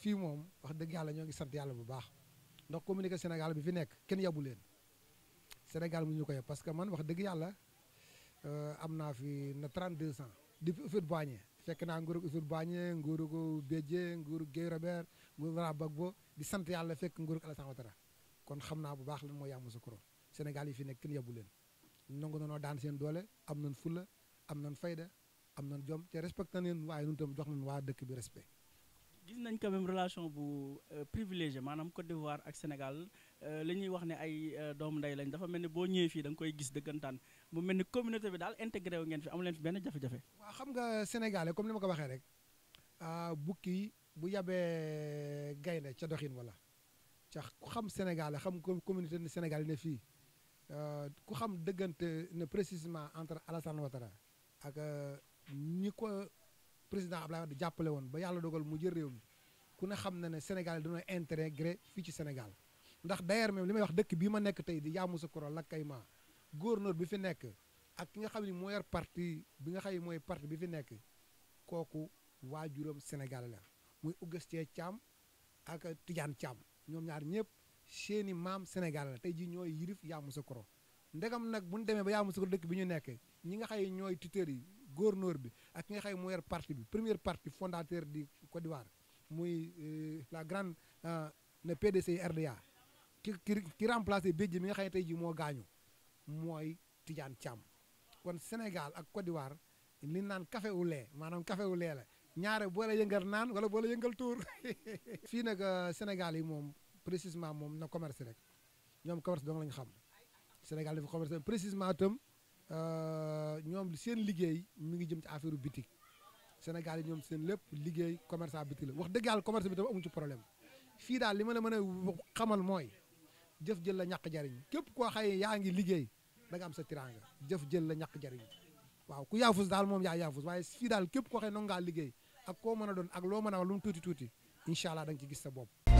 fii moom wax dëgg yàlla ñoo ngi sant yàlla bu baax ndax communiqué Sénégal bi fi nekk kenn yabu leen Sénégal mu ñu ko yab parce que man wax dëgg yàlla euh, am naa fi na 32 ans depuis Houphouët Boigny fekk naa nguurug Houphouët Boigny nguurug Bédié nguurug Guèye Robert nguurug Laurent Gbagbo di sant yàlla fekk nguur Alassane Ouattara kon xam naa bu baax lan mooy Yamoussoukro Sénégal yi fi nekk kenn yabu leen nangu nanoo daan seen doole am nañ fulla am nañ fayda am na jom te respecté nañ leen waaye ñun waa dëkk bi respect. gis nañ quand même relation bu euh, privilégié maanaam Côte d'Ivoire ak Sénégal euh, li ñuy wax ne ay euh, doom ndey lañ dafa mel ni boo ñëwee fii da nga koy gis dëggantaan mu mel ni communauté bi daal intégré ngeen fi amu leen fi benn jafe-jafe. waaw xam nga sénégalais comme ni ma ko waxee rek ah, bukki bu yabee gaynde ca doxin wala ca xam sénégalais xam communauté sénégalais ne fii. Euh, ku xam dëggante ne précisément entre Alassane Ouattara ak ñi euh, ko président Abdoulaye Wade jàppale woon ba yàlla dogal mu jël réew mi ku ne xam na ne Sénégal dañoo intégré fii ci Sénégal ndax d'ailleurs même li may wax dëkk bii ma nekk tey di koro Yamoussoukro Lakaima gouverneur bi fi nekk ak ki nga xam ni moo yar parti bi nga xam ne mooy parti bi fi nekk kooku waajuram Sénégal la muy Augustin caam ak Tidiane Thiam ñoom ñaar ñëpp seeni maam Sénégal la tey ji ñooy yirif Yamoussoukro ndegam nag bu ñu demee ba Yamoussoukro dëkk bi ñu nekkee ñi nga xay ñooy tuteurs yi gouverneur bi ak ki nga xay mu yor parti bi première parti fondateur di Côte d'Ivoire muy euh, la grande euh, le PDC RDA ki ki remplacé Bédié mi nga xam tey ji moo gaañu mooy Tidiane Thiam kon Sénégal ak Côte d'Ivoire li naan café au lait maanaam café au lait la ñaare boo la yëngal naan wala boo yëngal tuur fii nag euh, Sénégal yi moom précisément moom na commerce rek ñoom commerce dong lañ xam Sénégal dafa commerce précisément itam euh, ñoom seen liggéey mu ngi jëm ci affaire bitik Sénégal yi ñoom seen lépp liggéey commerçant bitik la wax dëgg yàlla commerce bi tam amu ci problème fii daal li ma la mën a xamal mooy jëf jël la ñàkk jariñ képp ko xaye yaa ngi liggéey da am sa tiranga jëf jël la ñàkk jariñ waaw ku yaafus daal moom yaa yaafus waaye fii daal képp koo xëy nongaa liggéey ak ko mën a doon loo mën a lu tuuti tuuti incha da nga ci gis sa bopp